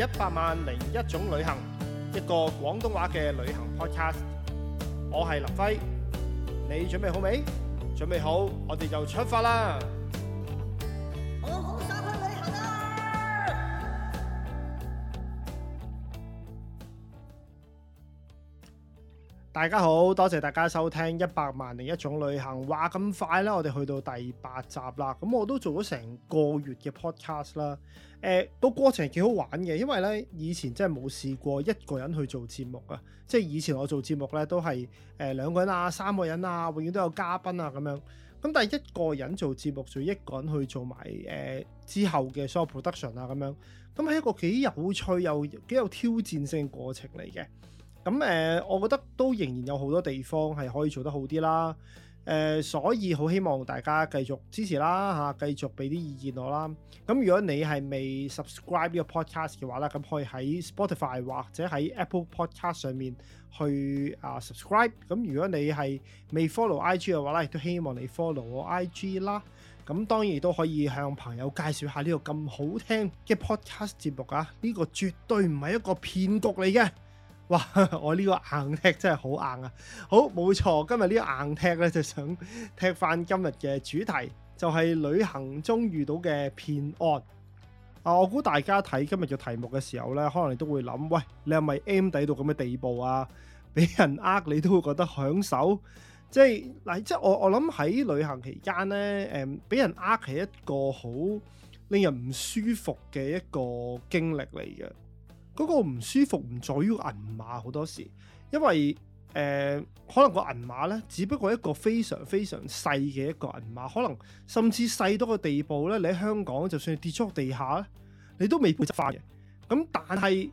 一百萬零一種旅行，一個廣東話嘅旅行 Podcast。我係林輝，你準備好未？準備好，我哋就出發喇！大家好，多謝大家收聽一百萬零一種旅行。話，咁快咧，我哋去到第八集啦。咁我都做咗成個月嘅 podcast 啦。誒、呃，個過程係幾好玩嘅，因為咧以前真係冇試過一個人去做節目啊。即係以前我做節目咧都係誒兩個人啊、三個人啊，永遠都有嘉賓啊咁樣。咁但係一個人做節目，就一個人去做埋誒之後嘅所有 production 啊咁樣。咁係一個幾有趣又幾有挑戰性嘅過程嚟嘅。咁誒、呃，我覺得都仍然有好多地方係可以做得好啲啦。誒、呃，所以好希望大家繼續支持啦嚇，啊、繼續俾啲意見我啦。咁如果你係未 subscribe 呢個 podcast 嘅話咧，咁可以喺 Spotify 或者喺 Apple Podcast 上面去啊 subscribe。咁如果你係未 follow IG 嘅話咧，亦都希望你 follow 我 IG 啦。咁當然亦都可以向朋友介紹下呢個咁好聽嘅 podcast 節目啊！呢、呢個絕對唔係一個騙局嚟嘅。哇！我呢個硬踢真係好硬啊！好冇錯，今日呢個硬踢咧就想踢翻今日嘅主題，就係、是、旅行中遇到嘅騙案。啊、呃！我估大家睇今日嘅題目嘅時候咧，可能你都會諗：喂，你係咪 M 底到咁嘅地步啊？俾人呃你都會覺得享受，即係嗱，即係我我諗喺旅行期間咧，誒、嗯，俾人呃係一個好令人唔舒服嘅一個經歷嚟嘅。嗰個唔舒服唔在於銀碼好多時，因為誒、呃、可能個銀碼咧，只不過一個非常非常細嘅一個銀碼，可能甚至細到個地步咧，你喺香港就算跌出地下咧，你都未必會執翻嘅。咁但係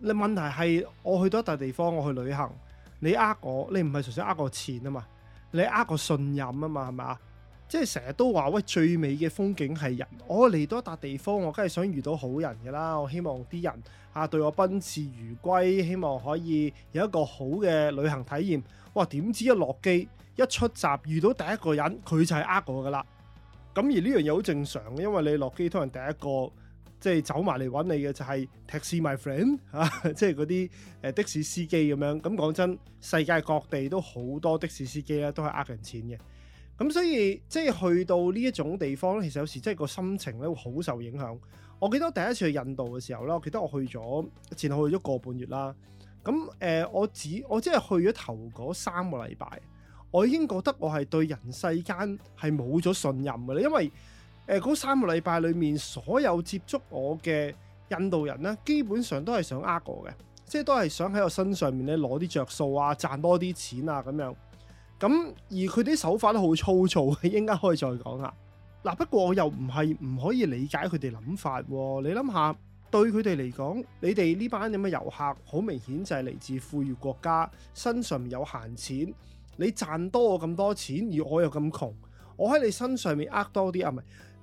你問題係，我去到一笪地方，我去旅行，你呃我，你唔係純粹呃我錢啊嘛，你呃個信任啊嘛，係咪啊？即係成日都話喂，最美嘅風景係人。我嚟到一笪地方，我梗係想遇到好人噶啦，我希望啲人。吓、啊、對我賓至如歸，希望可以有一個好嘅旅行體驗。哇！點知一落機，一出閘，遇到第一個人，佢就係呃我㗎喇。咁而呢樣嘢好正常，因為你落機通常第一個即係走埋嚟揾你嘅就係 Taxi my friend 啊，即係嗰啲誒的士司機咁樣。咁講真，世界各地都好多的士司機咧，都係呃人錢嘅。咁所以即係去到呢一種地方咧，其實有時即係個心情咧會好受影響。我記得第一次去印度嘅時候咧，我記得我去咗前後去咗個半月啦。咁誒、呃，我只我即係去咗頭嗰三個禮拜，我已經覺得我係對人世間係冇咗信任嘅啦。因為誒嗰、呃、三個禮拜裏面，所有接觸我嘅印度人咧，基本上都係想呃我嘅，即係都係想喺我身上面咧攞啲着數啊，賺多啲錢啊咁樣。咁而佢啲手法都好粗糙，應該可以再講下。嗱、啊，不過我又唔係唔可以理解佢哋諗法，哦。你諗下，對佢哋嚟講，你哋呢班咁嘅遊客，好明顯就係嚟自富裕國家，身上面有閒錢。你賺多我咁多錢，而我又咁窮，我喺你身上面呃多啲啊，唔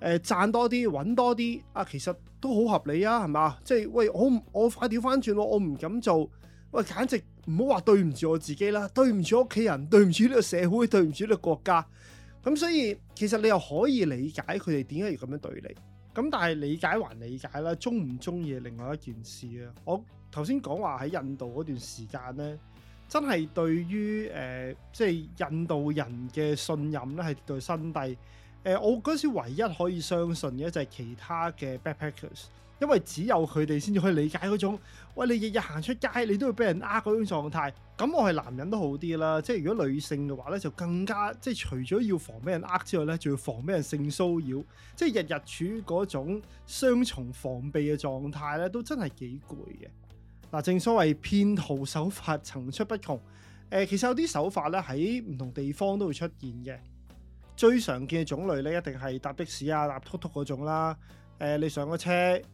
係誒賺多啲，揾多啲啊，其實都好合理啊，係嘛？即係喂，我我掉返轉，我唔敢做。喂，簡直唔好話對唔住我自己啦，對唔住屋企人，對唔住呢個社會，對唔住呢個國家。咁、嗯、所以其實你又可以理解佢哋點解要咁樣對你，咁但係理解還理解啦，中唔中意另外一件事啊！我頭先講話喺印度嗰段時間咧，真係對於誒、呃、即係印度人嘅信任咧係對新低。誒、呃，我嗰時唯一可以相信嘅就係其他嘅 backpackers，因為只有佢哋先至可以理解嗰種，喂，你日日行出街，你都會俾人呃嗰種狀態。咁我係男人都好啲啦，即係如果女性嘅話咧，就更加即係除咗要防俾人呃之外咧，仲要防俾人性騷擾，即係日日處於嗰種雙重防備嘅狀態咧，都真係幾攰嘅。嗱、呃，正所謂騙徒手法層出不窮，誒、呃，其實有啲手法咧喺唔同地方都會出現嘅。最常見嘅種類咧，一定係搭的士啊、搭嘟嘟嗰種啦。誒、呃，你上個車，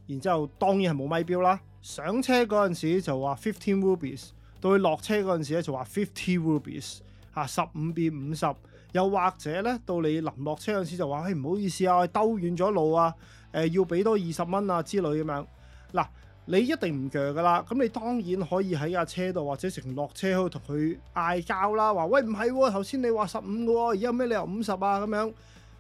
然之後當然係冇咪表啦。上車嗰陣時就話 fifteen rupees，到佢落車嗰陣時咧就話 fifty rupees，嚇、啊、十五變五十。50，又或者咧，到你臨落車嗰陣時就話，嘿，唔好意思啊，我兜遠咗路啊，誒、呃，要俾多二十蚊啊之類咁樣。嗱。你一定唔鋸噶啦，咁你當然可以喺架車度或者乘落車去同佢嗌交啦，話，喂，唔係喎，頭先、啊、你話十五嘅喎，而家咩你又五十啊咁樣，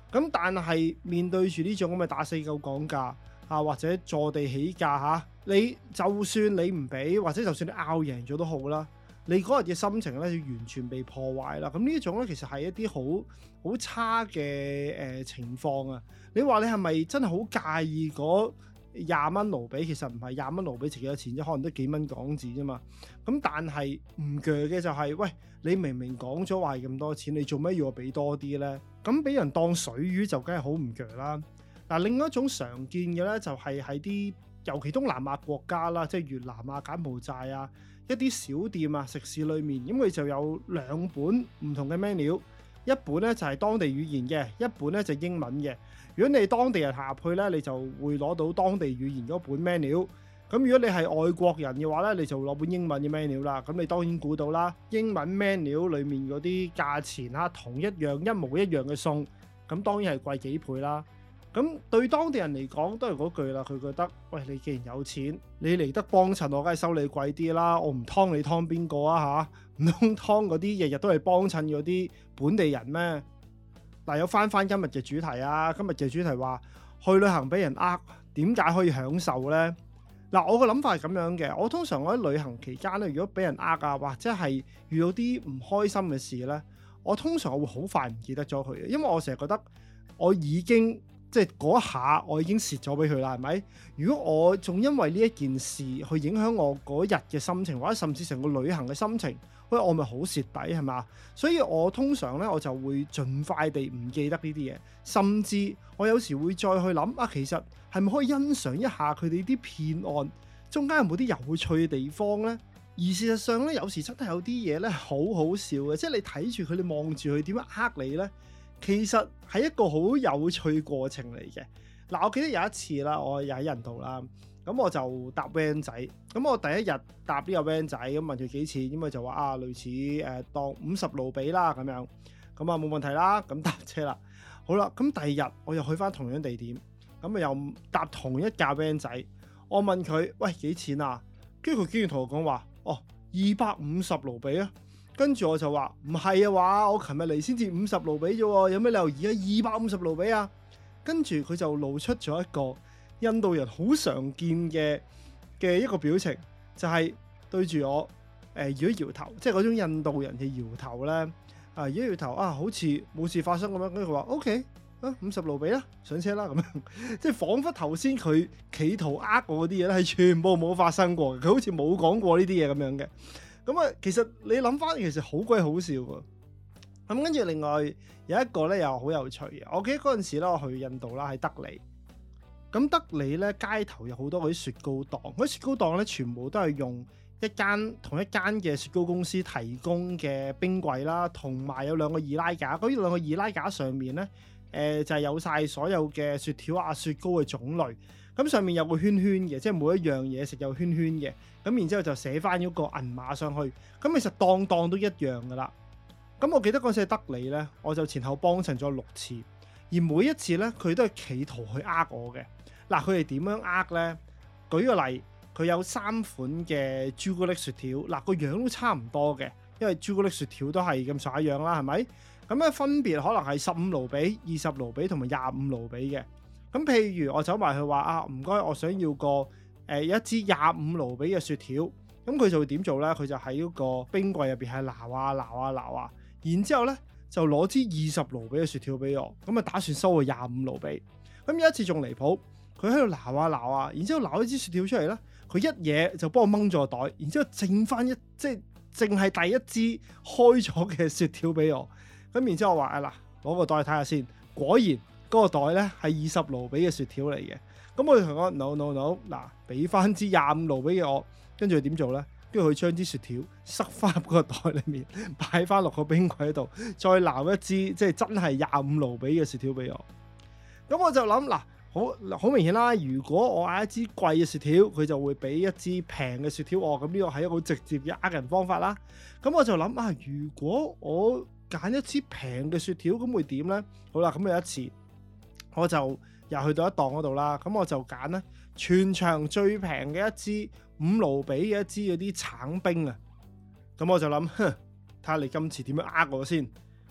咁但係面對住呢種咁嘅打死狗講價啊或者坐地起價吓、啊，你就算你唔俾或者就算你拗贏咗都好啦，你嗰日嘅心情咧就完全被破壞啦。咁呢一種咧其實係一啲好好差嘅誒、呃、情況啊。你話你係咪真係好介意嗰、那個？廿蚊盧比其實唔係廿蚊盧比值幾多錢啫，可能得幾蚊港紙啫嘛。咁但係唔鋸嘅就係，喂你明明講咗話係咁多錢，你做咩要我俾多啲呢？咁俾人當水魚就梗係好唔鋸啦。嗱，另外一種常見嘅呢就係喺啲尤其東南亞國家啦，即係越南啊、柬埔寨啊一啲小店啊食肆裡面，咁佢就有兩本唔同嘅 menu。一本咧就係當地語言嘅，一本咧就英文嘅。如果你係當地人下去咧，你就會攞到當地語言嗰本 menu。咁如果你係外國人嘅話咧，你就攞本英文嘅 menu 啦。咁你當然估到啦，英文 menu 裡面嗰啲價錢啦，同一樣一模一樣嘅餸，咁當然係貴幾倍啦。咁、嗯、對當地人嚟講都係嗰句啦，佢覺得喂，你既然有錢，你嚟得幫襯我，梗係收你貴啲啦，我唔劏你劏邊個啊吓？唔通劏嗰啲日日都係幫襯嗰啲本地人咩？嗱，有翻翻今日嘅主題啊，今日嘅主題話去旅行俾人呃，點解可以享受呢？嗱，我個諗法係咁樣嘅，我通常我喺旅行期間咧，如果俾人呃啊，或者係遇到啲唔開心嘅事呢，我通常我會好快唔記得咗佢，因為我成日覺得我已經。即係嗰下，我已經蝕咗俾佢啦，係咪？如果我仲因為呢一件事去影響我嗰日嘅心情，或者甚至成個旅行嘅心情，喂，我咪好蝕底係嘛？所以我通常呢，我就會盡快地唔記得呢啲嘢，甚至我有時會再去諗啊，其實係咪可以欣賞一下佢哋啲騙案中間有冇啲有，有趣嘅地方呢？」而事實上呢，有時真係有啲嘢呢，好好笑嘅，即係你睇住佢，你望住佢點樣呃你呢。其實係一個好有趣過程嚟嘅。嗱、啊，我記得有一次啦，我又喺印度啦，咁我就搭 van 仔。咁我第一日搭呢個 van 仔，咁問佢幾錢，咁啊就話啊，類似誒、呃、當五十盧比啦咁樣。咁啊冇問題啦，咁搭車啦。好啦，咁、啊、第二日我又去返同樣地點，咁啊又搭同一架 van 仔。我問佢喂幾錢啊？跟住佢居然同我講話，哦二百五十盧比啊！跟住我就話唔係啊話，我琴日嚟先至五十盧比啫，有咩理由而家二百五十盧比啊？跟住佢就露出咗一個印度人好常見嘅嘅一個表情，就係對住我誒搖一搖頭，即係嗰種印度人嘅搖頭咧，啊、呃、搖一搖頭啊，好似冇事發生咁樣。跟住佢話：OK，啊五十盧比啦，上車啦咁樣， 即係彷彿頭先佢企圖呃我啲嘢咧，係全部冇發生過，佢好似冇講過呢啲嘢咁樣嘅。咁啊，其實你諗翻，其實好鬼好笑喎。咁跟住另外有一個咧，又好有趣嘅。我記得嗰陣時咧，我去印度啦，喺德里。咁德里咧，街頭有好多嗰啲雪糕檔，嗰啲雪糕檔咧，全部都係用一間同一間嘅雪糕公司提供嘅冰櫃啦，同埋有兩個易拉架。嗰啲兩個易拉架上面咧，誒、呃、就係、是、有晒所有嘅雪條啊、雪糕嘅種類。咁上面有個圈圈嘅，即係每一樣嘢食有圈圈嘅，咁然之後就寫翻嗰個銀碼上去。咁其實檔檔都一樣噶啦。咁我記得嗰次係德里咧，我就前後幫襯咗六次，而每一次呢，佢都係企圖去呃我嘅。嗱，佢係點樣呃呢？舉個例，佢有三款嘅朱古力雪條，嗱個樣都差唔多嘅，因為朱古力雪條都係咁上下樣啦，係咪？咁咧分別可能係十五盧比、二十盧比同埋廿五盧比嘅。咁譬如我走埋去話啊，唔該，我想要個誒、欸、一支廿五盧比嘅雪條，咁、嗯、佢就會點做咧？佢就喺嗰個冰櫃入邊係撈啊撈啊撈啊，啊，然之後咧就攞支二十盧比嘅雪條俾我，咁啊打算收個廿五盧比。咁、嗯、有一次仲離譜，佢喺度撈啊撈啊，啊，然之後撈一支雪條出嚟咧，佢一嘢就幫我掹咗個袋，然之後剩翻一即係淨係第一支開咗嘅雪條俾我。咁、嗯、然之後我話啊嗱，攞、哎、個袋睇下先，果然。嗰個袋咧係二十盧比嘅雪條嚟嘅，咁我同佢講：no no no，嗱，俾翻支廿五盧比嘅我，跟住點做咧？跟住佢將支雪條塞翻入個袋裡面，擺翻落個冰櫃度，再攬一支即係真係廿五盧比嘅雪條俾我。咁我就諗嗱，好好明顯啦。如果我嗌一支貴嘅雪條，佢就會俾一支平嘅雪條我。咁呢個係一個好直接嘅呃人方法啦。咁我就諗啊，如果我揀一支平嘅雪條，咁會點咧？好啦，咁有一次。我就又去到一檔嗰度啦，咁我就揀啦，全場最平嘅一支五盧比嘅一支嗰啲橙冰啊，咁我就諗，哼，睇下你今次點樣呃我先，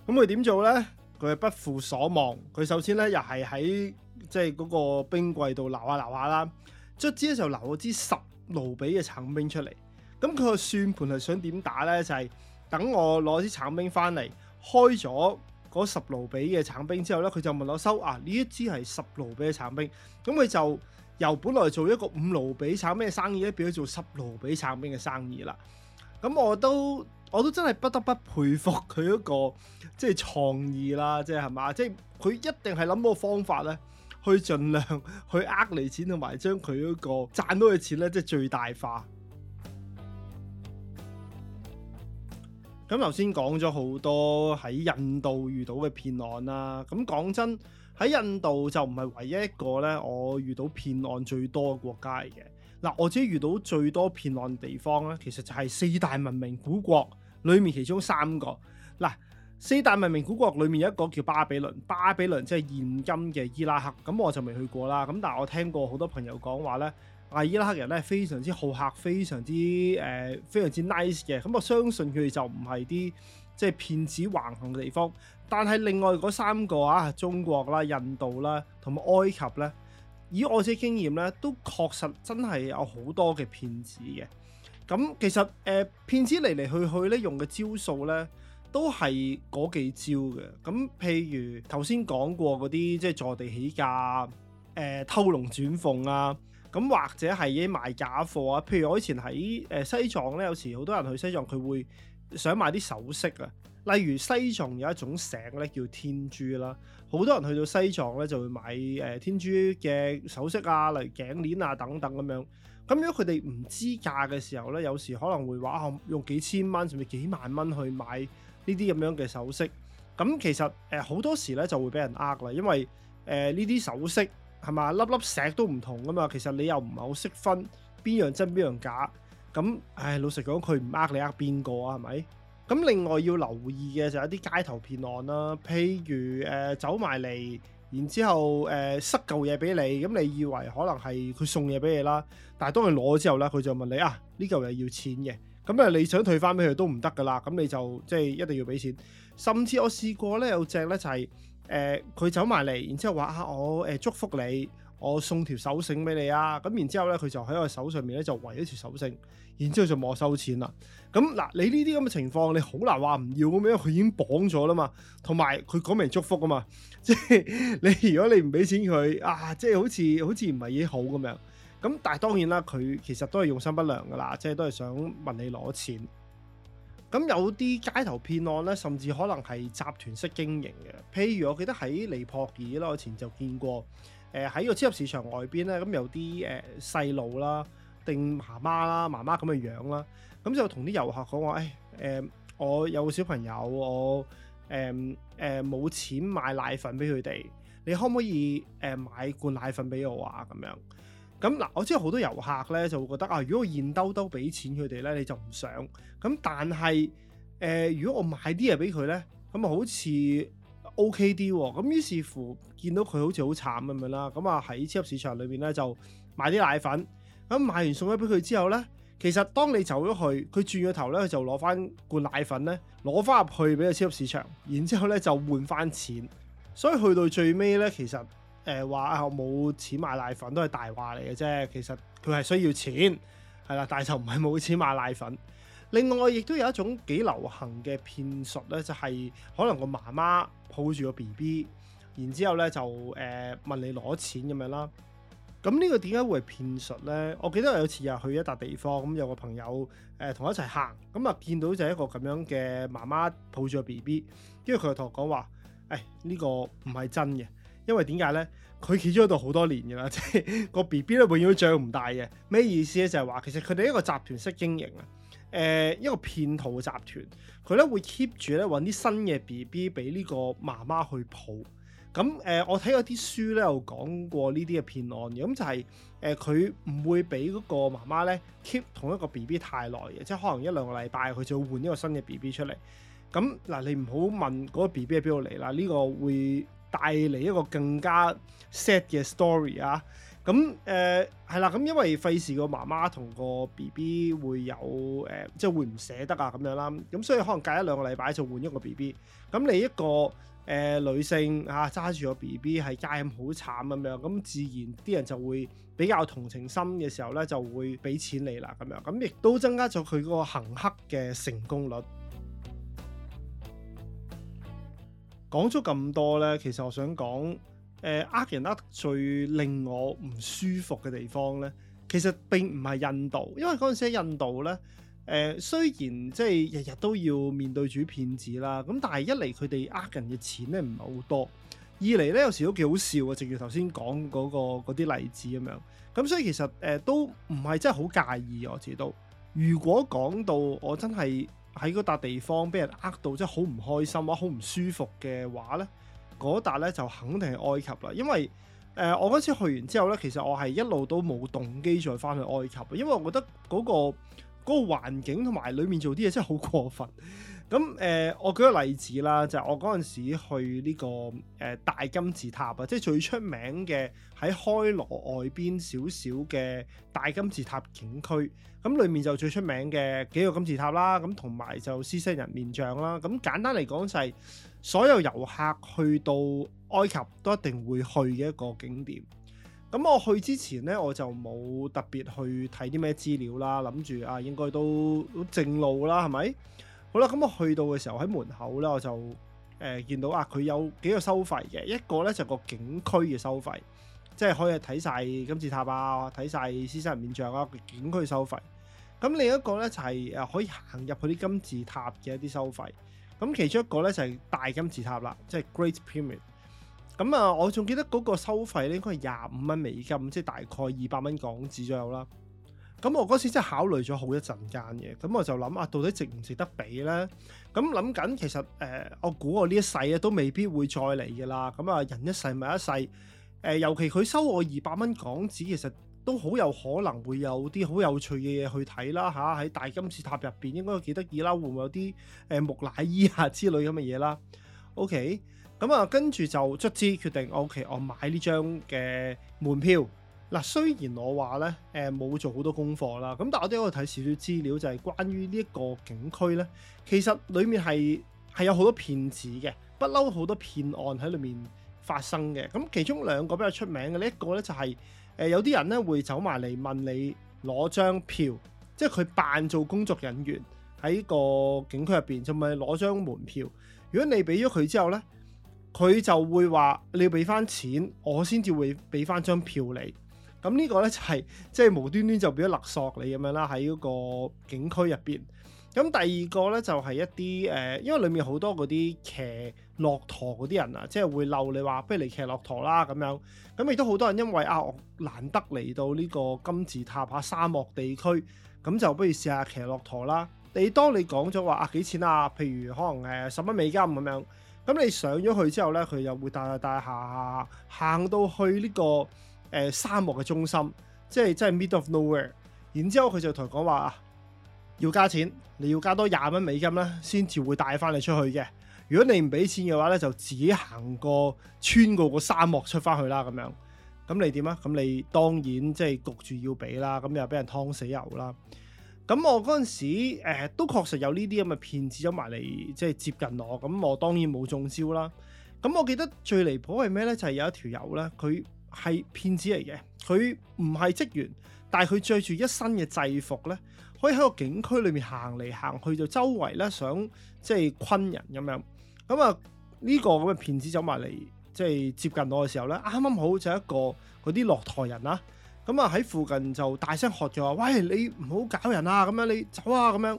咁佢點做呢？佢係不負所望，佢首先呢，又係喺即係嗰個冰櫃度留下留下啦，卒之呢就留咗支十盧比嘅橙冰出嚟，咁佢個算盤係想點打呢？就係、係、等我攞支橙冰翻嚟開咗。十盧比嘅橙冰之後咧，佢就問我收啊，呢一支係十盧比嘅橙冰，咁佢就由本來做一個五盧比橙咩生意，變咗做十盧比橙冰嘅生意啦。咁我都我都真係不得不佩服佢嗰個即係創意啦，即係係咪？即係佢一定係諗個方法咧，去盡量去呃你錢同埋將佢嗰個賺到嘅錢咧，即係最大化。咁頭先講咗好多喺印度遇到嘅騙案啦，咁講真喺印度就唔係唯一一個咧，我遇到騙案最多嘅國家嚟嘅。嗱，我自己遇到最多騙案地方咧，其實就係四大文明古國裡面其中三個。嗱，四大文明古國裡面有一個叫巴比倫，巴比倫即係現今嘅伊拉克，咁我就未去過啦。咁但係我聽過好多朋友講話咧。阿、啊、伊拉克人咧，非常之好客，非常之誒、呃，非常之 nice 嘅。咁、嗯、我相信佢哋就唔係啲即係騙子橫行嘅地方。但係另外嗰三個啊，中國啦、印度啦、同埋埃及咧，以我嘅經驗咧，都確實真係有好多嘅騙子嘅。咁、嗯、其實誒、呃，騙子嚟嚟去去咧，用嘅招數咧，都係嗰幾招嘅。咁、嗯、譬如頭先講過嗰啲，即係坐地起價、誒、呃、偷龍轉鳳啊。咁或者係嘢賣假貨啊，譬如我以前喺誒、呃、西藏咧，有時好多人去西藏佢會想買啲首飾啊，例如西藏有一種石咧叫天珠啦，好多人去到西藏咧就會買誒、呃、天珠嘅首飾啊，例如頸鏈啊等等咁樣。咁如果佢哋唔知價嘅時候咧，有時可能會話用幾千蚊甚至幾萬蚊去買呢啲咁樣嘅首飾。咁、嗯、其實誒好、呃、多時咧就會俾人呃啦，因為誒呢啲首飾。係嘛，粒粒石都唔同噶嘛，其實你又唔係好識分邊樣真邊樣假，咁唉老實講，佢唔呃你呃邊個啊係咪？咁另外要留意嘅就係一啲街頭騙案啦，譬如誒、呃、走埋嚟，然之後誒、呃、塞嚿嘢俾你，咁你以為可能係佢送嘢俾你啦，但係當佢攞咗之後咧，佢就問你啊，呢嚿嘢要錢嘅，咁啊你想退翻俾佢都唔得噶啦，咁你就即係、就是、一定要俾錢，甚至我試過咧有隻咧就係、是。誒佢、呃、走埋嚟，然之後話啊，我誒祝福你，我送條手繩俾你啊，咁然之後咧，佢就喺我手上面咧就圍咗條手繩，然之後就冇收錢啦。咁、嗯、嗱，你呢啲咁嘅情況，你好難話唔要咁樣，佢已經綁咗啦嘛，同埋佢講明祝福啊嘛，即係你如果你唔俾錢佢啊，即係好似好似唔係幾好咁樣。咁但係當然啦，佢其實都係用心不良噶啦，即係都係想問你攞錢。咁有啲街頭騙案咧，甚至可能係集團式經營嘅。譬如我記得喺尼泊爾啦，我前就見過，誒、呃、喺個超級市場外邊咧，咁、呃、有啲誒細路啦，定媽媽啦，媽媽咁嘅樣啦，咁就同啲遊客講話，誒、哎、誒、呃，我有個小朋友，我誒誒冇錢買奶粉俾佢哋，你可唔可以誒、呃、買罐奶粉俾我啊？咁樣。咁嗱，我知有好多遊客咧就會覺得啊，如果我現兜兜俾錢佢哋咧，你就唔想。咁但係誒、呃，如果我買啲嘢俾佢咧，咁啊好似 OK 啲喎、哦。咁於是乎見到佢好似好慘咁樣啦。咁啊喺超級市場裏邊咧就買啲奶粉。咁買完送咗俾佢之後咧，其實當你走咗去，佢轉咗頭咧就攞翻罐奶粉咧，攞翻入去俾個超級市場。然之後咧就換翻錢。所以去到最尾咧，其實。誒話我冇錢買奶粉都係大話嚟嘅啫，其實佢係需要錢，係啦，但係就唔係冇錢買奶粉。另外，亦都有一種幾流行嘅騙術咧，就係、是、可能個媽媽抱住個 B B，然之後咧就誒問你攞錢咁樣啦。咁呢個點解會係騙術咧？我記得有次入去一笪地方，咁有個朋友誒同、呃、我一齊行，咁啊見到就係一個咁樣嘅媽媽抱住、哎這個 B B，跟住佢就同我講話：誒呢個唔係真嘅。因為點解咧？佢企咗度好多年㗎喇，即 係個 B B 咧，永遠都長唔大嘅。咩意思咧？就係、是、話其實佢哋一個集團式經營啊，誒、呃、一個騙徒嘅集團，佢咧會 keep 住咧搵啲新嘅 B B 俾呢個媽媽去抱。咁誒、呃，我睇過啲書咧，有講過呢啲嘅騙案嘅。咁就係、是、誒，佢、呃、唔會俾嗰個媽媽咧 keep 同一個 B B 太耐嘅，即係可能一兩個禮拜，佢就會換一個新嘅 B B 出嚟。咁嗱、呃，你唔好問嗰個 B B 喺邊度嚟啦，呢、這個會。帶嚟一個更加 sad 嘅 story 啊！咁誒係啦，咁、呃、因為費事個媽媽同個 BB 會有誒、呃，即係會唔捨得啊咁樣啦。咁所以可能隔一兩個禮拜就換一個 BB。咁你一個誒、呃、女性啊，揸住個 BB 係街咁好慘咁樣，咁自然啲人就會比較同情心嘅時候咧，就會俾錢你啦咁樣。咁亦都增加咗佢嗰個行乞嘅成功率。講咗咁多呢，其實我想講，誒呃人呃最令我唔舒服嘅地方呢，其實並唔係印度，因為嗰陣時喺印度呢，誒、呃、雖然即係日日都要面對住騙子啦，咁但係一嚟佢哋呃人嘅錢呢，唔係好多，二嚟呢，有時都幾好笑啊，正如頭先講嗰個嗰啲例子咁樣，咁所以其實誒、呃、都唔係真係好介意嘅、啊，我自己都。如果講到我真係，喺嗰笪地方俾人呃到，即係好唔開心或好唔舒服嘅話呢，嗰笪呢就肯定係埃及啦。因為誒、呃，我嗰次去完之後呢，其實我係一路都冇動機再翻去埃及，因為我覺得嗰、嗰個。嗰個環境同埋裏面做啲嘢真係好過分，咁誒、呃，我舉個例子啦，就係、是、我嗰陣時去呢、這個誒、呃、大金字塔啊，即係最出名嘅喺開羅外邊少少嘅大金字塔景區，咁裏面就最出名嘅幾個金字塔啦，咁同埋就獅身人面像啦，咁簡單嚟講就係所有遊客去到埃及都一定會去嘅一個景點。咁我去之前咧，我就冇特別去睇啲咩資料啦，諗住啊，應該都正路啦，係咪？好啦，咁我去到嘅時候喺門口咧，我就誒、呃、見到啊，佢有幾個收費嘅，一個咧就係、個景區嘅收費，即係可以睇晒金字塔啊，睇晒獅身人面像啊，個景區收費。咁另一個咧就係、係、誒可以行入去啲金字塔嘅一啲收費。咁其中一個咧就係、係、大金字塔啦，即係 Great Pyramid。咁啊、嗯，我仲記得嗰個收費咧，應該係廿五蚊美金，即係大概二百蚊港紙左右啦。咁、嗯、我嗰時真係考慮咗好一陣間嘅，咁、嗯、我就諗啊，到底值唔值得俾咧？咁諗緊，其實誒、呃，我估我呢一世咧都未必會再嚟嘅啦。咁、嗯、啊，人一世咪一世，誒、呃，尤其佢收我二百蚊港紙，其實都好有可能會有啲好有趣嘅嘢去睇啦，吓，喺大金字塔入邊應該幾得意啦，會唔會有啲誒木乃伊啊之類咁嘅嘢啦？OK。咁啊，跟住就卒之決定，我屋企我買呢張嘅門票。嗱，雖然我話咧，誒、呃、冇做好多功課啦，咁但係我都去睇少少資料就，就係關於呢一個景區呢，其實裡面係係有好多騙子嘅，不嬲好多騙案喺裏面發生嘅。咁其中兩個比較出名嘅，呢一個、就係呃、呢，就係誒有啲人咧會走埋嚟問你攞張票，即係佢扮做工作人員喺個景區入邊，就咪攞張門票。如果你俾咗佢之後呢。佢就會話你要俾翻錢，我先至會俾翻張票你。咁呢個呢、就係，無無就係即係無端端就俾咗勒索你咁樣啦，喺嗰個景區入邊。咁第二個呢，就係一啲誒，因為裡面好多嗰啲騎駱駝嗰啲人啊，即係會遛你話，不如嚟騎駱駝啦咁樣。咁亦都好多人因為啊，我難得嚟到呢個金字塔下、啊、沙漠地區，咁就不如試下騎駱駝啦。你當你講咗話啊幾錢啊？譬如可能誒十蚊美金咁樣。咁你上咗去之後呢，佢又會帶帶下行到去呢個誒、呃、沙漠嘅中心，即係即係 mid of nowhere。然之後佢就同佢講話，啊，要加錢，你要加多廿蚊美金咧，先至會帶翻你出去嘅。如果你唔俾錢嘅話呢，就自己行過穿過個沙漠出翻去啦咁樣。咁你點啊？咁你當然即係焗住要俾啦。咁又俾人劏死油啦！咁我嗰陣時、呃，都確實有呢啲咁嘅騙子走埋嚟，即係接近我。咁我當然冇中招啦。咁我記得最離譜係咩咧？就係有一條友咧，佢係騙子嚟嘅，佢唔係職員，但係佢着住一身嘅制服咧，可以喺個景區裏面行嚟行去，就周圍咧想即係昆人咁樣。咁啊，呢個咁嘅騙子走埋嚟，即係接近我嘅時候咧，啱啱好就一個嗰啲落台人啊！.咁啊喺附近就大聲喝咗話：喂，你唔好搞人啊！咁樣你走啊！咁樣，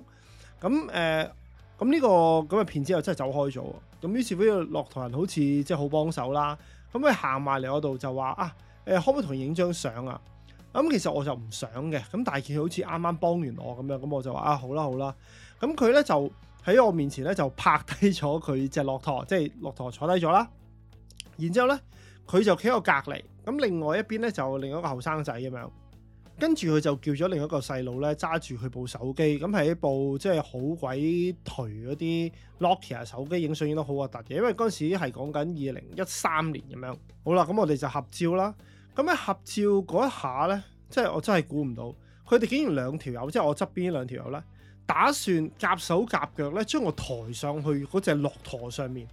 咁誒，咁呢個咁嘅騙子之後真係走開咗。咁於是乎，呢個駱駝人好似即係好幫手啦。咁佢行埋嚟我度就話：啊誒、欸，可唔可以同佢影張相啊？咁其實我就唔想嘅。咁但係佢好似啱啱幫完我咁樣，咁我就話啊，好啦好啦。咁佢咧就喺我面前咧就拍低咗佢隻駱駝，即係駱駝坐低咗啦。然之後咧。佢就企喺我隔離，咁另外一邊咧就另一個後生仔咁樣，跟住佢就叫咗另一個細路咧揸住佢部手機，咁係一部即係好鬼頹嗰啲 Nokia 手機，影相影得好核突嘅，因為嗰陣時係講緊二零一三年咁樣。好啦，咁我哋就合照啦。咁喺合照嗰一下咧，即係我真係估唔到，佢哋竟然兩條友，即係我側邊呢兩條友咧，打算夾手夾腳咧將我抬上去嗰隻駱駝上面。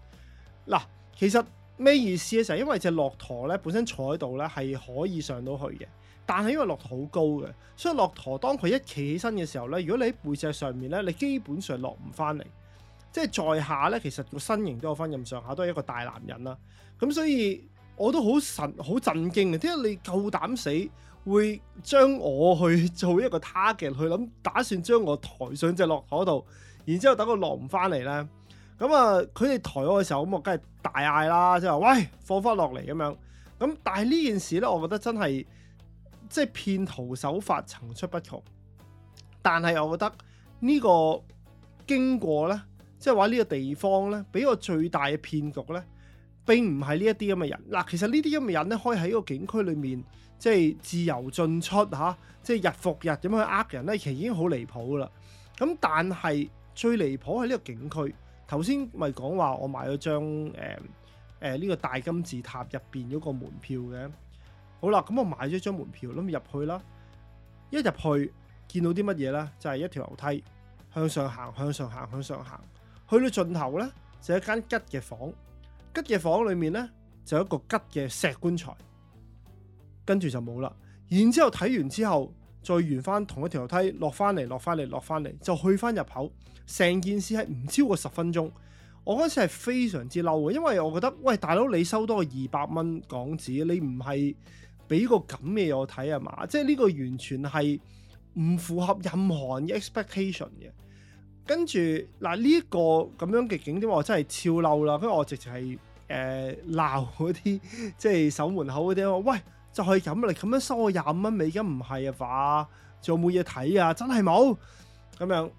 嗱，其實～咩意思啊？就係因為隻駱駝咧本身坐喺度咧係可以上到去嘅，但係因為駱駝好高嘅，所以駱駝當佢一企起身嘅時候咧，如果你喺背脊上面咧，你基本上落唔翻嚟。即係在下咧，其實個身形都有返咁上下，都係一個大男人啦。咁所以我都好神，好震驚啊！點解你夠膽死會將我去做一個 target 嘅？去諗打算將我抬上隻駱駝度，然之後等佢落唔翻嚟咧？咁啊！佢哋抬我嘅時候，咁我梗係大嗌啦，即係話：喂，放翻落嚟咁樣。咁但係呢件事咧，我覺得真係即係騙徒手法層出不窮。但係我覺得呢個經過咧，即係話呢個地方咧，俾個最大嘅騙局咧，並唔係呢一啲咁嘅人嗱。其實呢啲咁嘅人咧，可以喺個景區裏面即係、就是、自由進出嚇，即、啊、係、就是、日復日咁樣去呃人咧，其實已經好離譜啦。咁但係最離譜係呢個景區。頭先咪講話我買咗張誒誒呢個大金字塔入邊嗰個門票嘅，好啦，咁、嗯、我買咗一張門票，咁、嗯、入去啦。一入去見到啲乜嘢呢？就係、是、一條樓梯向上行，向上行，向上行。去到盡頭呢，就一間吉嘅房。吉嘅房裏面呢，就有一個吉嘅石棺材。跟住就冇啦。然之後睇完之後，再沿翻同一條樓梯落翻嚟，落翻嚟，落翻嚟，就去翻入口。成件事係唔超過十分鐘。我嗰次係非常之嬲嘅，因為我覺得，喂，大佬你收多個二百蚊港紙，你唔係俾個咁嘅我睇係嘛？即係呢個完全係唔符合任何 expectation 嘅。跟住嗱，呢一個咁樣嘅景點，我真係超嬲啦！不過我直情係誒鬧嗰啲，即係守門口嗰啲，喂。就係咁你咁樣收我廿五蚊美金唔係啊吧？仲有冇嘢睇啊，真係冇咁樣。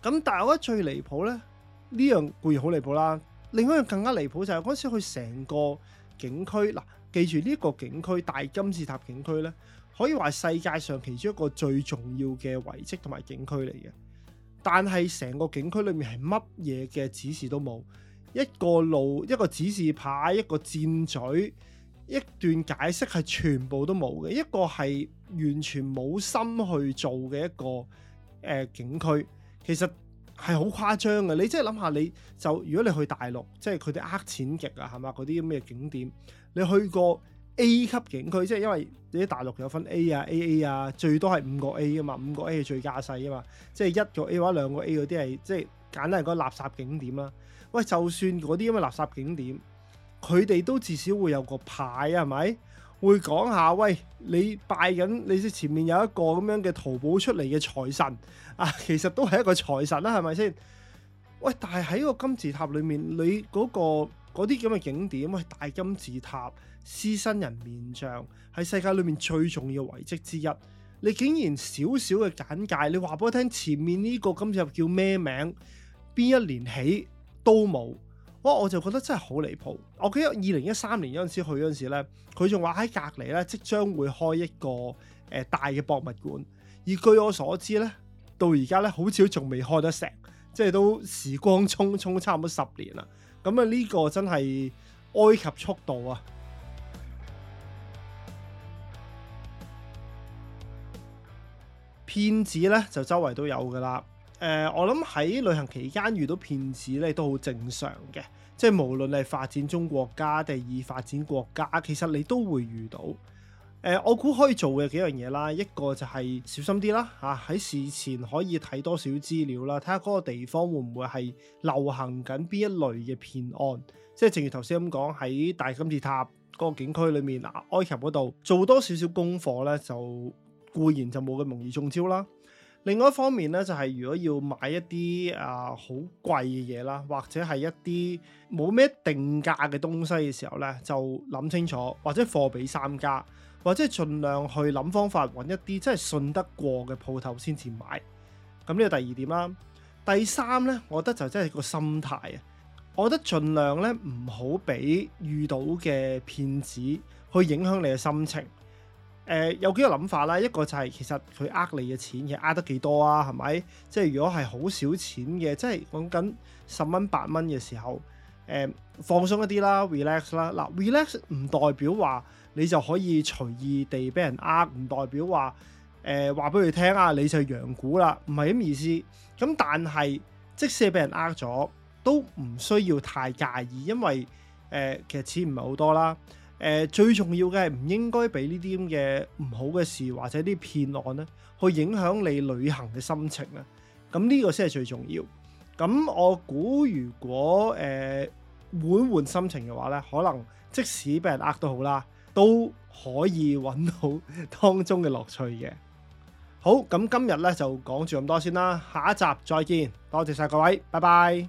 咁但係我覺得最離譜呢，呢樣固然好離譜啦。另一樣更加離譜就係、是、嗰時去成個景區嗱、啊，記住呢一個景區大金字塔景區呢，可以話係世界上其中一個最重要嘅遺跡同埋景區嚟嘅。但係成個景區裏面係乜嘢嘅指示都冇，一個路、一個指示牌、一個箭嘴。一段解釋係全部都冇嘅，一個係完全冇心去做嘅一個誒景、呃、區，其實係好誇張嘅。你即係諗下，你就如果你去大陸，即係佢哋呃錢極啊，係嘛，嗰啲咁嘅景點，你去過 A 級景區，即係因為你喺大陸有分 A 啊、AA 啊，最多係五個 A 啊嘛，五個 A 係最架勢啊嘛，即係一個 A 或者兩個 A 嗰啲係即係簡單嚟講垃圾景點啦。喂，就算嗰啲咁嘅垃圾景點。佢哋都至少會有個牌啊，係咪？會講下喂，你拜緊，你前面有一個咁樣嘅淘寶出嚟嘅財神啊，其實都係一個財神啦，係咪先？喂，但係喺個金字塔裏面，你嗰個嗰啲咁嘅景點，喂，大金字塔、獅身人面像，係世界裏面最重要遺跡之一，你竟然少少嘅簡介，你話俾我聽，前面呢個金字塔叫咩名？邊一年起都冇。我我就覺得真係好離譜。我記得二零一三年嗰陣時，去嗰陣時呢，佢仲話喺隔離呢，即將會開一個誒大嘅博物館。而據我所知呢，到而家呢，好似仲未開得成，即係都時光匆匆差唔多十年啦。咁啊呢個真係埃及速度啊！騙 子呢就周圍都有噶啦。誒、呃，我諗喺旅行期間遇到騙子咧，都好正常嘅。即係無論你係發展中國家定係已發展國家，其實你都會遇到。誒、呃，我估可以做嘅幾樣嘢啦，一個就係小心啲啦，嚇、啊、喺事前可以睇多少資料啦，睇下嗰個地方會唔會係流行緊邊一類嘅騙案。即係正如頭先咁講，喺大金字塔嗰個景區裏面啊，埃及嗰度做多少少功課咧，就固然就冇咁容易中招啦。另外一方面咧，就係如果要買一啲啊好貴嘅嘢啦，或者係一啲冇咩定價嘅東西嘅時候咧，就諗清楚，或者貨比三家，或者盡量去諗方法揾一啲真係信得過嘅鋪頭先至買。咁呢個第二點啦。第三呢，我覺得就真係個心態啊。我覺得盡量呢，唔好俾遇到嘅騙子去影響你嘅心情。誒、呃、有幾個諗法啦，一個就係其實佢呃你嘅錢其實呃得幾多啊？係咪？即係如果係好少錢嘅，即係講緊十蚊八蚊嘅時候，誒、呃、放鬆一啲啦，relax 啦。嗱，relax 唔代表話你就可以隨意地俾人呃，唔代表話誒話俾佢聽啊，你就係羊牯啦，唔係咁意思。咁但係即使俾人呃咗，都唔需要太介意，因為誒、呃、其實錢唔係好多啦。誒，最重要嘅係唔應該俾呢啲咁嘅唔好嘅事或者啲騙案咧，去影響你旅行嘅心情啊！咁呢個先係最重要。咁我估如果誒換換心情嘅話咧，可能即使俾人呃都好啦，都可以揾到當中嘅樂趣嘅。好，咁今日咧就講住咁多先啦，下一集再見，多謝晒各位，拜拜。